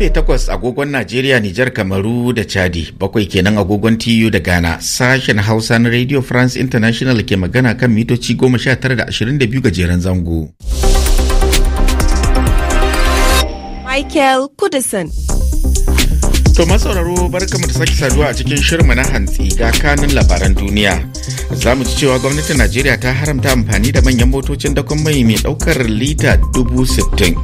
Karfe takwas agogon Najeriya, Nijar, Kamaru da Chadi, bakwai kenan agogon TU da Ghana, sashen Hausa na Radio France International ke magana kan mitoci goma sha da ashirin da gajeren zango. Michael Kudison. To masauraro barkamu ta sake saduwa a cikin shirma na hantsi ga kanun labaran duniya. Za mu ci cewa gwamnatin Najeriya ta haramta amfani da manyan motocin dakon mai mai ɗaukar lita dubu sittin.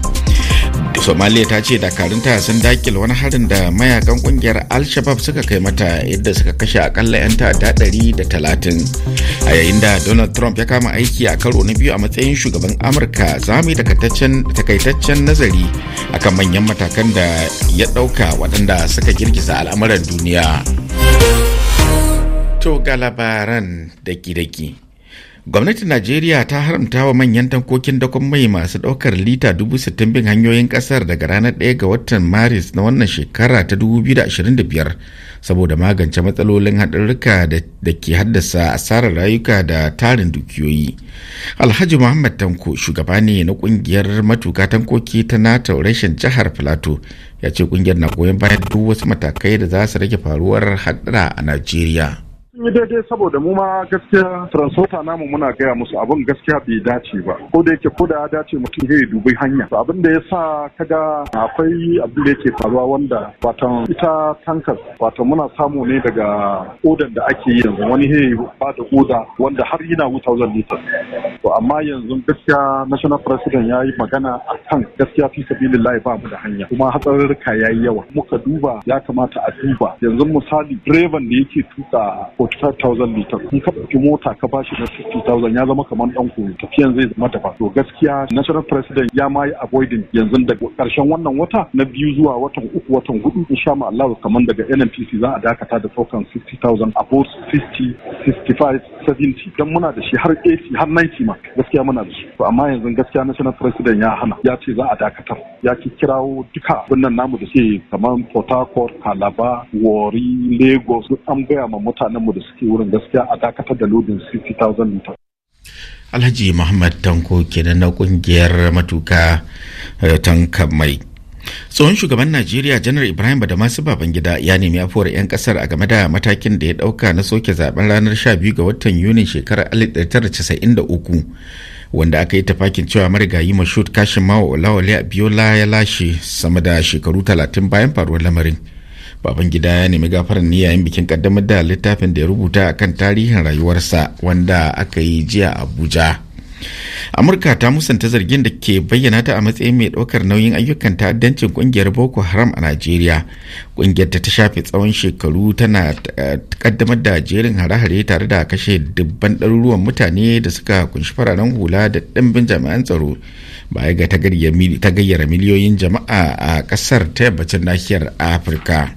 somaliya ta ce dakarunta sun dakile wani harin da mayakan kungiyar al-shabab suka kai mata yadda suka kashe akalla 'yan ta'adda talatin, a yayin da donald trump ya kama aiki a karo na biyu a matsayin shugaban amurka zami takaitaccen nazari akan manyan matakan da ya ɗauka waɗanda suka girgiza al'amuran duniya to ga labaran daki-daki gwamnatin najeriya ta haramta wa manyan tankokin dakon mai masu ɗaukar lita dubu sittin bin hanyoyin ƙasar daga ranar 1 ga watan maris na wannan shekara ta 2025 saboda magance matsalolin haɗarurruka da ke haddasa asarar rayuka da tarin dukiyoyi alhaji muhammad tanko shugaba ne na ƙungiyar matuka tankoki ta nata rashin jihar filato ya ce ƙungiyar na goyon bayan duk wasu matakai da za su rage faruwar haɗura a najeriya yi daidai saboda mu ma gaskiya transporter namu muna gaya musu abin gaskiya bai dace ba ko da yake ko da ya dace mutum zai dubi hanya abin da yasa sa kaga akwai abin da yake faruwa wanda wato ita tankar wato muna samu ne daga odan da ake yi yanzu wani he ba da oda wanda har yana 1000 litres to amma yanzu gaskiya national president ya yi magana a kan gaskiya fi sabilillahi ba mu da hanya kuma hatsarurruka ya yi yawa muka duba ya kamata a duba yanzu misali direban da yake tuka 45,000 litar in ka ɗauki mota ka bashi na 50,000 ya zama kamar ɗan koyo tafiyan zai zama daban to gaskiya national president ya ma yi avoiding yanzu daga ƙarshen wannan wata na biyu zuwa watan uku watan hudu insha Allah kamar daga NNPC za a dakata da ɗaukan 60,000 a 50 65 70 dan muna da shi har 80 har 90 ma gaskiya muna da shi amma yanzu gaskiya national president ya hana ya ce za a dakatar ya ki kirawo duka wannan namu da ke kamar Port Harcourt, Calabar, Warri, Lagos duk an gaya ma mutanen mu da suke wurin gaskiya a dakatar da lodin 60,000 Alhaji Muhammad Tanko kenan na kungiyar matuka eh, tanka mai. tsohon shugaban najeriya janar ibrahim baban gida ya nemi afuwar 'yan kasar a game da matakin da ya dauka na soke zaben ranar 12 ga watan yuni shekarar 1993 wanda aka yi tafakin cewa marigayi mashut kashin mawa biyo abiola ya lashe sama da shekaru 30 bayan faruwar lamarin Baban gida ya nemi gafarar ni yayin bikin kaddamar da littafin da ya rubuta kan tarihin rayuwarsa wanda aka yi jiya a Abuja. Amurka ta musanta zargin da ke bayyana ta a matsayin mai ɗaukar nauyin ayyukan ta'addancin ƙungiyar Boko Haram a Najeriya. Ƙungiyarta ta shafe tsawon shekaru tana eh, kaddamar da jerin hare-hare tare da kashe dubban ɗaruruwan mutane da suka kunshi fararen hula da ɗimbin jami'an tsaro baya ga ta gayyara miliyoyin jama'a a ƙasar ta yammacin nahiyar Afirka.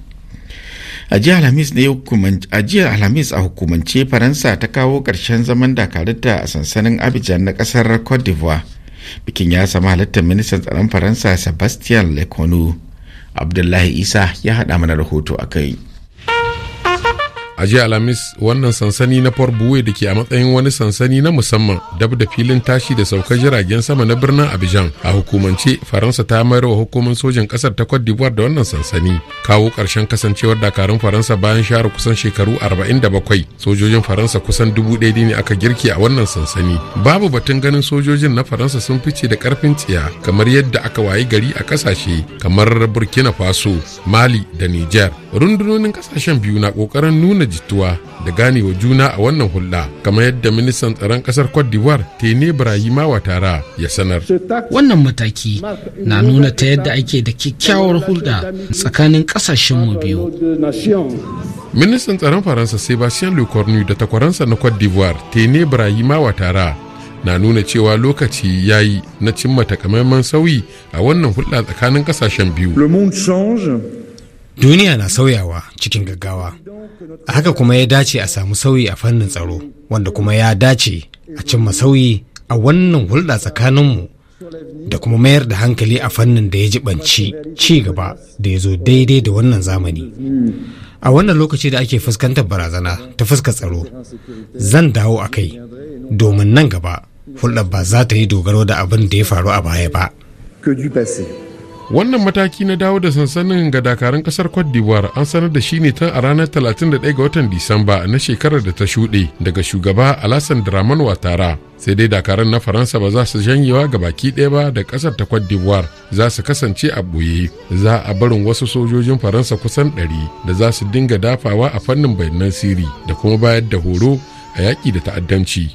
a jiya alhamis a hukumance faransa ta kawo ƙarshen zaman dakarunta a sansanin abidjan na ƙasar cote d'ivoire bikin ya sami halittar ministan tsaron faransa sebastian lekonu abdullahi isa ya haɗa mana rahoto a kai a jiya alhamis wannan sansani na port buwe da ke a matsayin wani sansani na musamman dab da filin tashi da saukar jiragen sama na birnin abidjan a hukumance faransa ta mayar wa hukumar sojin kasar ta cote d'ivoire da wannan sansani kawo ƙarshen kasancewar dakarun faransa bayan share kusan shekaru arba'in da bakwai sojojin faransa kusan dubu ɗaya ne aka girki a wannan sansani babu batun ganin sojojin na faransa sun fice da karfin tsiya kamar yadda aka wayi gari a kasashe kamar burkina faso mali da niger rundunonin kasashen biyu na kokarin nuna jituwa da ganewa juna a wannan hulɗa kamar yadda ministan tsaron ƙasar cote d'ivoire tene brahima watara ya sanar wannan mataki na nuna ta yadda ake da kyakkyawar hulɗa tsakanin mu biyu ministan tsaron faransa sebastien lecornu da takwaransa na cote d'ivoire tene brahima watara na nuna cewa lokaci ya yi na cimma takamaiman sauyi a wannan hulɗa tsakanin ƙasashen biyu Duniya na sauyawa cikin gaggawa. A haka kuma ya dace a samu sauyi a fannin tsaro, wanda kuma ya dace a cimma sauyi a wannan hulɗa tsakaninmu da kuma mayar da hankali a fannin da ya jibanci ci gaba da ya zo daidai da wannan zamani. A wannan lokaci da ake fuskantar barazana ta fuska tsaro, zan dawo a kai domin nan gaba hulɗar ba za ta yi dogaro da abin da ya faru a baya ba. wannan mataki na dawo da sansanin ga dakarun kasar cote d'ivoire an sanar da shi ne tun a ranar 31 ga watan disamba na shekarar da ta shuɗe daga shugaba alassane draman watara sai dai dakarun na faransa ba za su janyewa ga baki ɗaya ba da ƙasar ta cote d'ivoire za su kasance a ɓoye za a barin wasu sojojin faransa kusan 100 da za su dinga dafawa a fannin bayanan sirri da kuma bayar da horo a yaƙi da ta'addanci.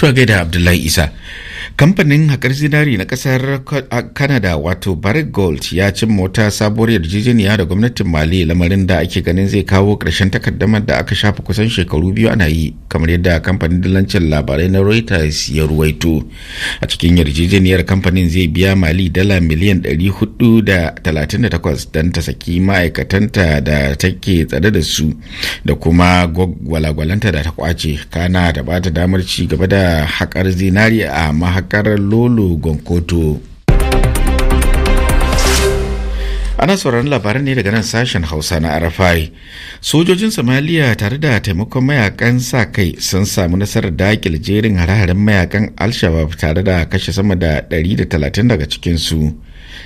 to gaida abdullahi isa kamfanin haƙar zinari na ƙasar kanada wato barrick gold ya cin wata sabuwar yarjejeniya da gwamnatin mali lamarin da ake ganin zai kawo ƙarshen takaddamar da aka shafa kusan shekaru biyu ana yi kamar yadda kamfanin dillancin labarai na reuters ya ruwaito a cikin yarjejeniyar kamfanin zai biya mali dala miliyan 438 don ta saki ma'aikatanta da take tsare da su da kuma gwalagwalanta da ta kwace kana da bata damar ci gaba da haƙar zinari a yakar lolo gonkoto ana sauraron labaran ne daga nan sashen hausa na arafai sojojin somaliya tare da taimakon mayakan sa kai sun samu nasarar dakil jerin hare-haren mayakan al tare da kashe sama da 130 daga cikinsu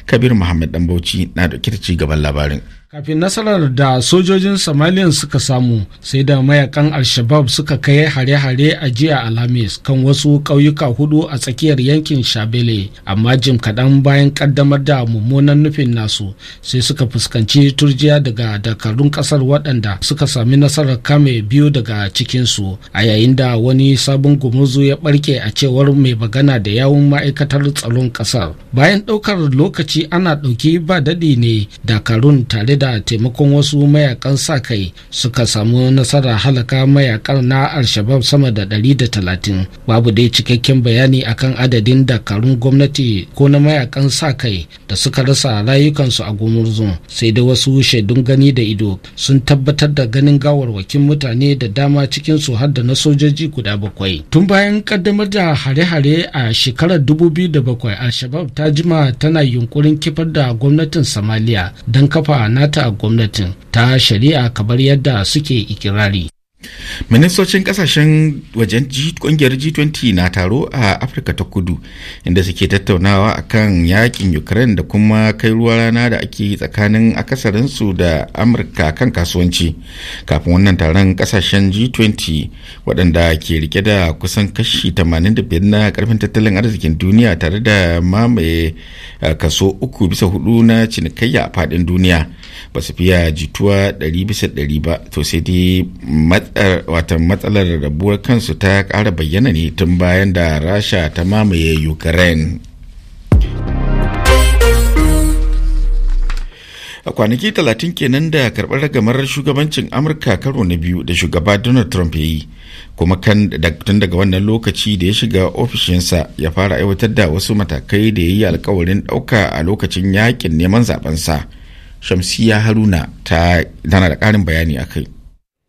kabir muhammad dan bauchi na dauke da gaban labarin kafin nasarar da sojojin somaliya suka samu sai da mayakan al-shabab suka kai hare-hare a jiya alhamis kan wasu ƙauyuka hudu a tsakiyar yankin shabele amma jim kaɗan bayan ƙaddamar da mummunan nufin nasu sai suka fuskanci turjiya daga dakarun ƙasar waɗanda suka sami nasarar kame biyu daga cikinsu a yayin da wani sabon gumuzu ya ɓarke a cewar mai magana da yawun ma'aikatar tsaron ƙasar bayan ɗaukar lokaci ana ɗauki ba daɗi ne dakarun tare da taimakon wasu mayakan sa kai suka samu nasara halaka mayakan na alshabab sama da 130 babu dai cikakken bayani akan adadin dakarun gwamnati ko na mayakan sa kai da suka rasa rayukansu a gumurzun sai da wasu shaidun gani da ido sun tabbatar da ganin gawarwakin mutane da dama cikinsu har da na sojoji guda bakwai tun bayan kaddamar da hare-hare a shekarar 2007 alshabab ta jima tana yunkurin kifar da gwamnatin Somalia don kafa nata gwamnatin ta shari'a kamar yadda suke ikirari. ministocin kasashen wajen kungiyar g20 na taro a afirka ta kudu inda suke tattaunawa akan yakin ukraine da kuma kai ruwa rana da ake tsakanin akasarinsu da amurka kan kasuwanci kafin wannan taron kasashen g20 waɗanda ke rike da kusan kashi 85 na karfin tattalin arzikin duniya tare da mamaye eh, kaso uku bisa hudu na cinikayya a faɗin duniya ba su fiya jituwa 100 bisa 100 ba to sai dai Eh, wata matsalar rabuwar kansu ta ƙara bayyana ne tun bayan da rasha ta mamaye ukraine a kwanaki talatin kenan da karɓar ragamar shugabancin amurka karo na biyu da shugaba donald trump ya yi kuma kan tun daga wannan lokaci da ya shiga ofishinsa ya fara aiwatar da wasu matakai da ya yi alkawarin ɗauka a lokacin yakin neman zabensa shamsiya haruna ta tana da ƙarin bayani a kai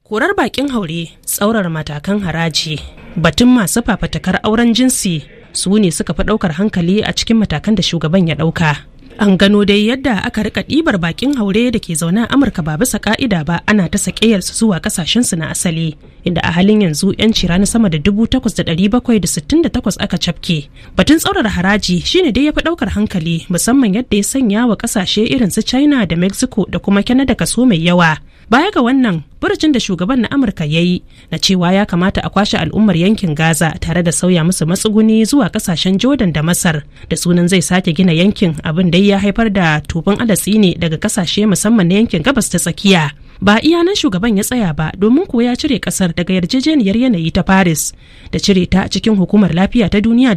korar bakin haure tsaurar matakan haraji batun masu fafatakar auren jinsi su ne suka fi ɗaukar hankali a cikin matakan da shugaban ya ɗauka an gano dai yadda aka rika ɗibar bakin haure da ke zaune a amurka ba bisa ka'ida ba ana ta sakeyarsu zuwa kasashensu na asali inda a halin yanzu 'yanci rana sama da 8,768 aka cafke batun tsaurar haraji shine dai ya fi ɗaukar hankali musamman yadda ya sanya wa kasashe irin su china da mexico da kuma canada kaso mai yawa baya ga wannan burjin da shugaban na amurka ya yi na cewa ya kamata a kwashe al'ummar yankin gaza tare da sauya musu matsuguni zuwa kasashen jordan da masar da sunan zai sake gina yankin abin da ya haifar da tufin alatsi ne daga kasashe musamman na yankin gabas ta tsakiya ba iya nan shugaban ya tsaya ba domin kuwa ya cire kasar daga yarjejeniyar yanayi ta paris da cire ta a cikin hukumar lafiya ta duniya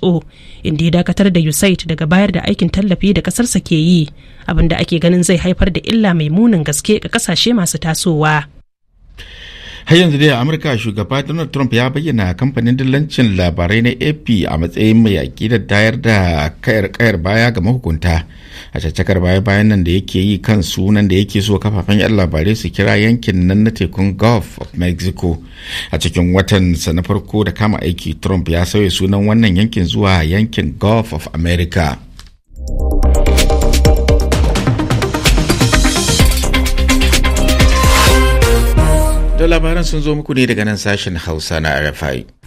who inda ya dakatar da usaid daga bayar da aikin tallafi da kasarsa ke yi abinda ake ganin zai haifar da illa mai munin gaske ga kasashe masu tasowa har yanzu dai a amurka shugaba donald trump ya bayyana kamfanin dillancin labarai na ap a matsayin mai yaƙi da dayar da kayar kayar baya ga mahukunta a caccakar baya bayan nan da yake yi kan sunan da yake so kafafen yan labarai su kira yankin nan na tekun gulf of mexico a cikin watan sa na farko da kama aiki trump ya sauya sunan wannan yankin zuwa yankin gulf of america labaran sun zo muku ne daga nan sashen Hausa na RFI.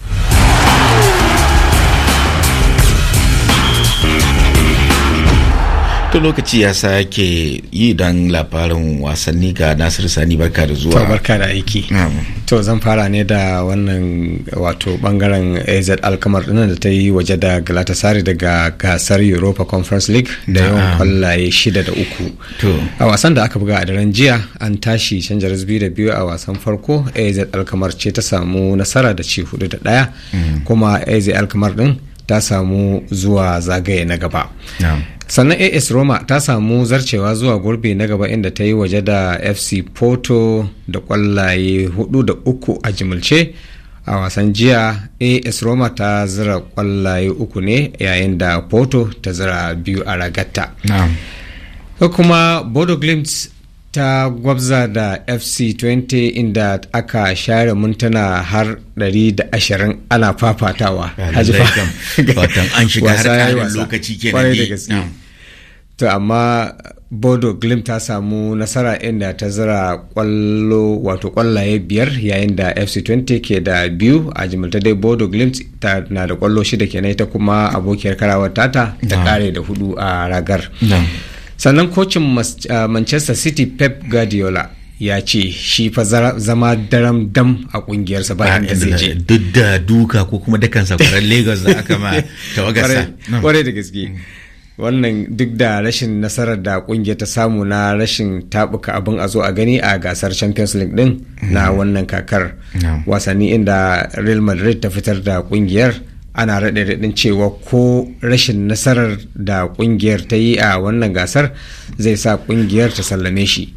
to lokaci ya sa sake yi don labarin wasanni ga nasiru sani barka da zuwa barka da aiki to zan fara ne da wannan wato bangaren az alkamar dinan da ta yi waje da galatasari daga gasar europa conference league da yawan kwallaye shida da uku a wasan da aka buga a daren jiya an tashi canja rasbi da biyu a wasan farko az alkamar ce ta samu nasara da ci hudu da daya mm. kuma az alkamar din ta samu zuwa zagaye na gaba sannan as roma ta samu zarcewa zuwa gurbi na gaba inda ta yi waje da fc porto da kwallaye hudu da uku a jimilce a wasan jiya as roma ta zira kwallaye uku ne yayin da porto ta zira biyu a ragatta kuma bodo glimt ta gwabza da fc 20 inda aka share mintuna har 120 ana fafatawa hajji ah, wasa ya yi wasa lokaci kenan to amma bodo glim ta samu nasara inda ta zira kwallo wato kwallaye biyar yayin da fc20 ke da biyu a jimilta dai bodo glim ta na da kwallo shida kenan ita kuma abokiyar karawar tata ta kare da hudu a ragar sannan kocin manchester city pep guardiola ya ce shi fa zama daram dam a kungiyarsa bayan da zai je duk da duka ko kuma dakansa kwarar lagos da aka ma tawagarsa kwarai da gaske mm. wannan duk da rashin nasarar da kungiyar ta samu na rashin tabuka abin a zo a gani a gasar champions league din na mm. wannan kakar wasanni inda real madrid ta fitar da kungiyar ana raɗe raɗin cewa ko rashin nasarar da kungiyar ta yi a wannan gasar zai sa kungiyar ta sallame shi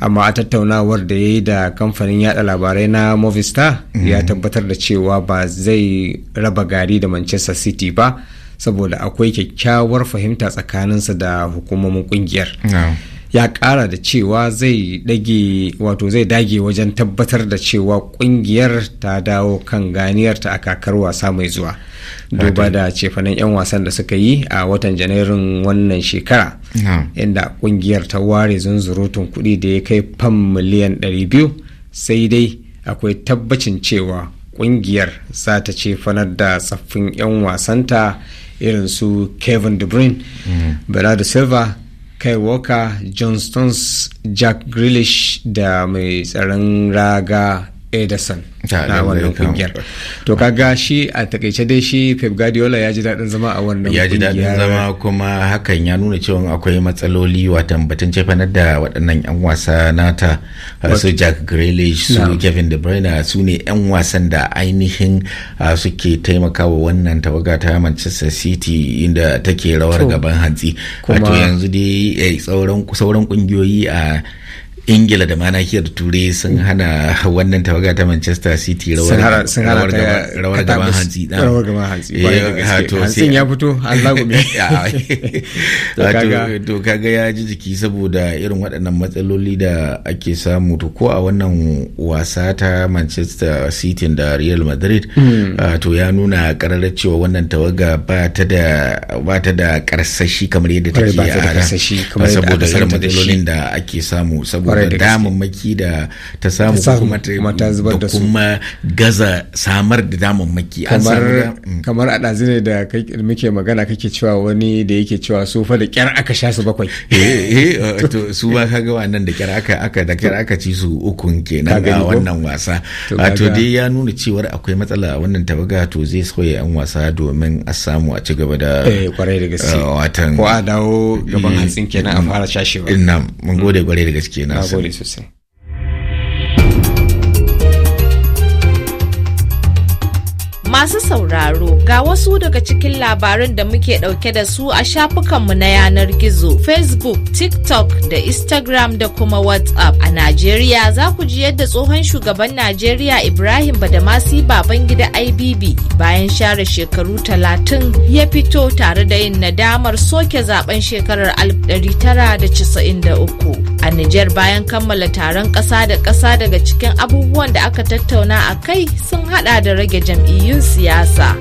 amma a tattaunawar da ya yi da kamfanin yada labarai na movistar ya mm. tabbatar da cewa ba zai raba gari da manchester city ba saboda akwai kyakkyawar fahimta tsakaninsa da hukumomin kungiyar ya kara da cewa zai dage wato zai dage wajen tabbatar da cewa kungiyar ta dawo kan ganiyarta a kakar wasa mai zuwa duba da cefanen 'yan wasan da suka yi a watan janairun wannan shekara inda kungiyar ta ware zunzurutun kuɗi da ya kai fam miliyan 200 sai dai akwai tabbacin cewa kungiyar za ta ce fanar da tsaffin 'yan wasanta irin su kevin de bruyne bernardo silva kai walker john stones jack grealish da mai tsaron raga Edison eh, na wannan kungiyar to kaga shi a takaice dai shi pep guardiola ya ji daɗin zama a wannan kungiyar. ya ji daɗin zama kuma hakan ya nuna cewa akwai matsaloli watan batun cefanar da waɗannan 'yan wasa nata uh, su jack grealish su kevin de bruyne su ne 'yan wasan da ainihin uh, suke taimakawa wannan tawaga ta manchester city inda take rawar gaban hantsi wato yanzu dai eh, sauran kungiyoyi a uh, ingila da ma nahiyar turai sun mm. hana wannan tawaga ta manchester city rawar gaban hantsi rawar gaban hantsi eh, hantsin ya fito allah gumi to kaga ya ji jiki saboda irin waɗannan matsaloli da ake samu to ko a wannan wasa ta manchester city da real madrid mm. to ya nuna kararar cewa wannan tawaga ba ta da karsashi kamar yadda take a saboda irin matsalolin da ake samu saboda yawan damammaki da ta samu kuma ta zubar da su kuma gaza samar da damammaki kamar mm. kamar a ne da muke magana kake cewa wani da yake cewa su fa da kyar aka sha su bakwai eh, eh eh to su ba kaga wannan da kyar aka aka da kyar aka ci su ukun kenan a wannan wasa to dai ya nuna cewar akwai matsala a wannan tabaga to zai soye yan wasa domin a samu a ci gaba da eh, kwarai da gaske eh, watan ko a dawo gaban hatsin kenan a mm, fara shashewa ina mm, mun gode kwarai da gaske na isso sim. Masu sauraro ga wasu daga cikin labaran da muke ɗauke da su a shafukanmu na yanar gizo Facebook, TikTok da Instagram da kuma WhatsApp. A Najeriya za ku ji yadda tsohon shugaban Najeriya Ibrahim Badamasi Babangida IBB bayan share shekaru talatin ya fito tare da yin nadamar soke zaben shekarar 1993. A Nijar bayan kammala taron ƙasa da ƙasa daga cikin abubuwan da aka tattauna a kai sun haɗa da rage jam'iyyun Siasa.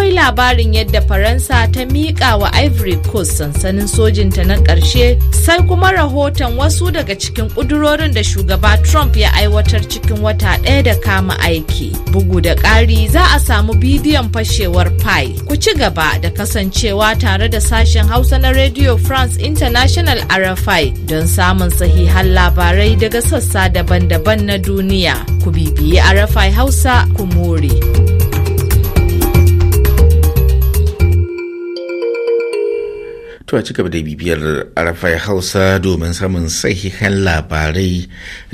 akwai labarin yadda Faransa ta miƙa wa Ivory Coast sansanin sojinta na ƙarshe sai kuma rahoton wasu daga cikin ƙudurorin da shugaba Trump ya aiwatar cikin wata ɗaya da kama aiki. Bugu da ƙari za a samu bidiyon fashewar Pi. Ku ci gaba da kasancewa tare da sashen Hausa na Radio France International RFI don samun sahihan labarai daga sassa daban-daban na duniya. Ku bibiyi RFI Hausa ku more. To a cigaba da bibiyar arafai Hausa domin samun sahihan labarai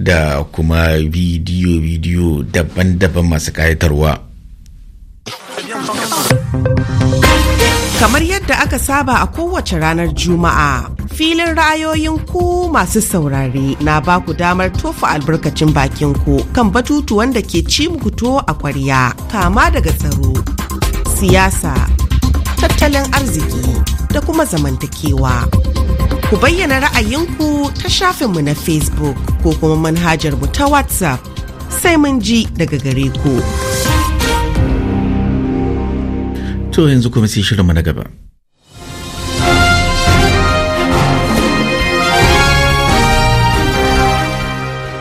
da kuma bidiyo-bidiyo daban-daban masu kayatarwa. Kamar yadda aka saba a kowace ranar Juma'a, filin ra'ayoyin ku masu saurare na ba ku damar tofa albarkacin bakin ku kan batutuwan da ke ci to a kwarya, kama daga tsaro, siyasa, tattalin arziki. da kuma zamantakewa. Ku bayyana ra'ayinku ta shafinmu na Facebook ko kuma manhajar mu ta WhatsApp sai mun ji daga gare ku. To yanzu kuma sai shirinmu na gaba.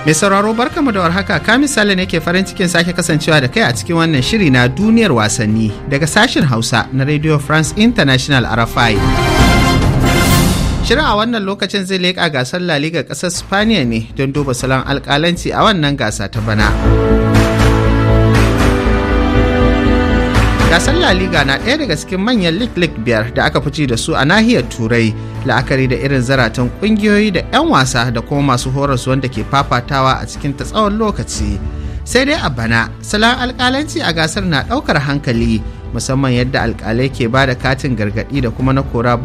Mai sauraro mu da warhaka ka misali ne ke farin cikin sake kasancewa da kai a cikin wannan shiri na duniyar wasanni daga sashen Hausa na Radio France International RFI. Shirin a wannan lokacin zai leƙa gasar La Liga ƙasar Spaniya ne don duba salon alƙalanci a wannan gasa ta bana. gasar La Liga na ɗaya daga cikin manyan lig-lig biyar da aka fice da su a nahiyar Turai, la'akari da irin zaratan ƙungiyoyi da 'yan wasa da kuma masu horarsu wanda ke fafatawa a cikin ta tsawon lokaci. Sai dai a bana, salon alƙalanci a gasar na ɗaukar hankali, musamman yadda alƙalai ke ba da katin gargaɗi da kuma na kora